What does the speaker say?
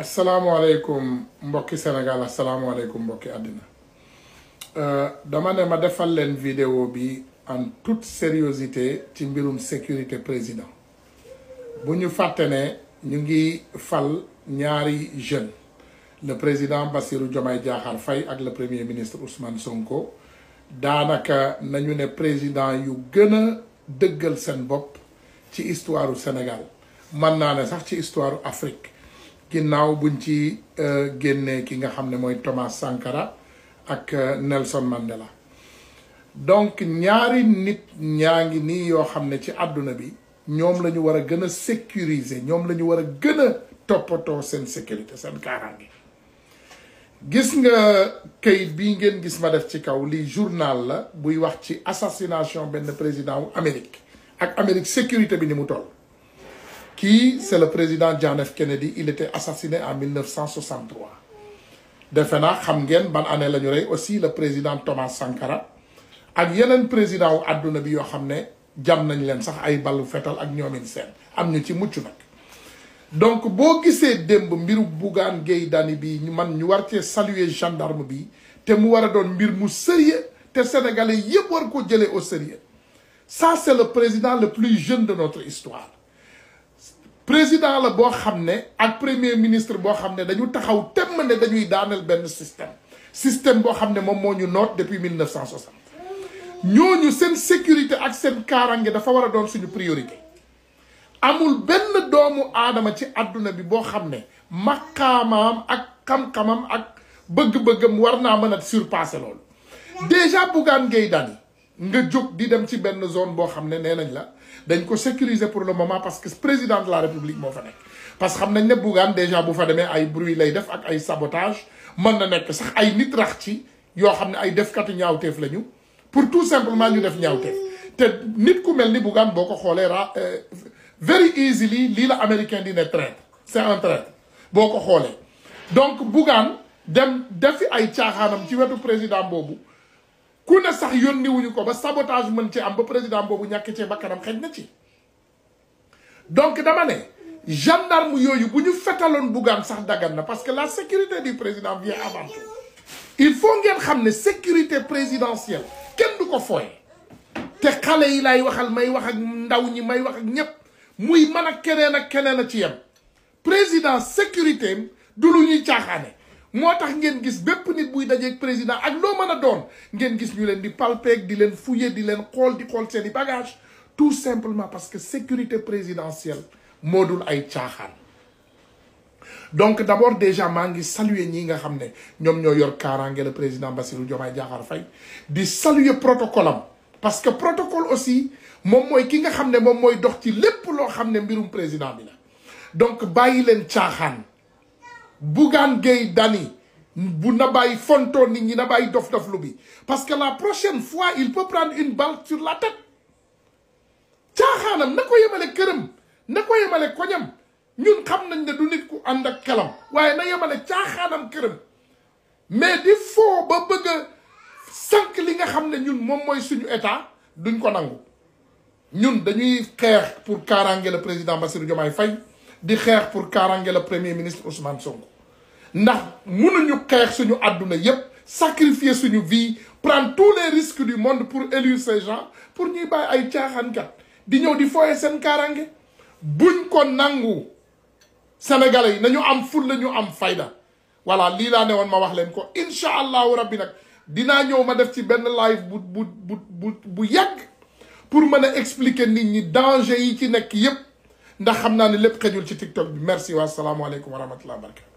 asalaamualeykum mbokki Sénégal asalaamualeykum mbokki àddina euh, dama ne ma defal leen vidéo bi en toute sérieuxité ci mbirum sécurité président bu ñu fàtte ne ñu ngi fal ñaari jeune le président Bassirou Diomaye Diakhar Faye ak le premier ministre Ousmane Sonko daanaka nañu ne président yu gën a dëggal seen bopp ci histoire Sénégal mën naa ne sax ci histoire Afrique ginnaaw buñ ci euh, génnee ki nga xam ne mooy Thomas Sankara ak euh, Nelson Mandela donc ñaari nit ñaa ngi nii yoo xam ne ci àdduna bi ñoom la ñu war a gën a sécuriser ñoom la ñu war a gën a toppatoo seen sécurité seen kaaraange gis nga kayit bi ngeen gis ma def ci kaw li journal la buy wax ci assassination benn président wu Amérique ak Amérique sécurité bi ni mu toll kii c'est le président John F Kennedy il était assassiné en 1963 defe naa xam ngeen ban année la ñu rey aussi le président Thomas Sankara ak yeneen président wu àdduna bi yoo xam ne jam nañ leen sax ay ballu fetal ak ñoomin seen am ñu ci mucc nag donc boo gisee démb mbiru Bougane Gueye Dany bi ñu man ñu war cee saluer gendarme bi te mu war a doon mbir mu sérieux te sénégalais yëpp war ko jëlee au sérieux ça c'est le président le plus jeune de notre histoire président la boo xam ne ak premier ministre boo xam ne dañu taxaw temm ne dañuy daaneel benn système système boo xam ne moom moo ñu noot depuis 1960 ñooñu seen sécurité ak seen kaarange dafa war a doon suñu priorité amul benn doomu aadama ci àdduna bi boo xam ne maqaamaam ak xam-xamam ak bëgg-bëggam war naa mën a surpasser loolu déjà Bougane Gueye Dany nga jóg di dem ci benn zone boo xam ne nee nañ la dañ ko sécuriser pour le moment parce que président de la république moo fa nekk. parce que xam nañ ne Bougane déjà bu fa demee ay bruit lay def ak ay sabotage mën na nekk sax ay nit rax ci yoo xam ne ay defkatu ñaawteef lañu pour tout simplement ñu def ñaawteef te nit ku mel ni Bougane boo ko xoolee ra euh, very li lii la américain di ne traître c'est boo ko xoolee donc Bougane dem defi ay caaxaanam ci wetu président boobu. ku ne sax yónni wuñu ko ba sabotage mën ci am ba président boobu ñàkk ci bakkanam xej na ci donc dama ne gendarme yooyu bu ñu fetaloon Bougane sax daggan na parce que la sécurité du président vient avant tout il faut ngeen xam ne sécurité présidentielle kenn du ko fooye te xale yi lay waxal may wax ak ndaw ñi may wax ak ñépp muy man ak keneen ak keneen a ci yem président sécurité du lu ñuy caaxaane moo tax ngeen gis bépp nit buy dajeeg président ak loo mën a doon ngeen gis ñu leen di palpeeg di leen fouiller di leen xool di xool seeni i bagage tout simplement parce que sécurité présidentielle moo dul ay caaxaan donc d' abord déjà maa ngi saluer ñi nga xam ne ñoom ñoo yor kaaraange la président Bassirou Diomaye Diakhar fay di saluer protocole am parce que protocole aussi moom mooy ki nga xam ne moom mooy dox ci lépp loo xam ne mbirum président bi la donc bàyyi leen caaxaan Bougane Gueye Dany bu na bàyyi fontoo nit ñi na bàyyi dof-dof lu bi parce que la prochaine fois il peut prendre une balle sur la tête caaxaanam na ko yemale këram na ko yemale koñam ñun xam nañ ne du nit ku ànd ak xelam waaye na yemale caaxaanam këram mais di foo ba bëgg a li nga xam ne ñun moom mooy suñu état duñ ko nangu ñun dañuy xeex pour kaaraange le président Bassirou Diomaye Faye di xeex pour kaaraange la premier ministre Ousmane Sonko ndax ñu xeex suñu àdduna yépp sacrifier suñu vie prendre tous les risques du monde pour élire ces gens pour ñuy bàyyi ay caaxaankat di ñëw di fooye seen bu ñu ko nangu sénégalais yi nañu am ful na ñu am fayda voilà lii laa ne woon ma wax leen ko incha allahu rabbi nag dinaa ñëw ma def ci benn live bu bu bu bu bu yàgg pour mën a expliquer nit ñi danger yi ci nekk yépp ndax xam naa ne lépp xejul ci TikTok bi merci wa salaamualeykum wa rahmatulah barka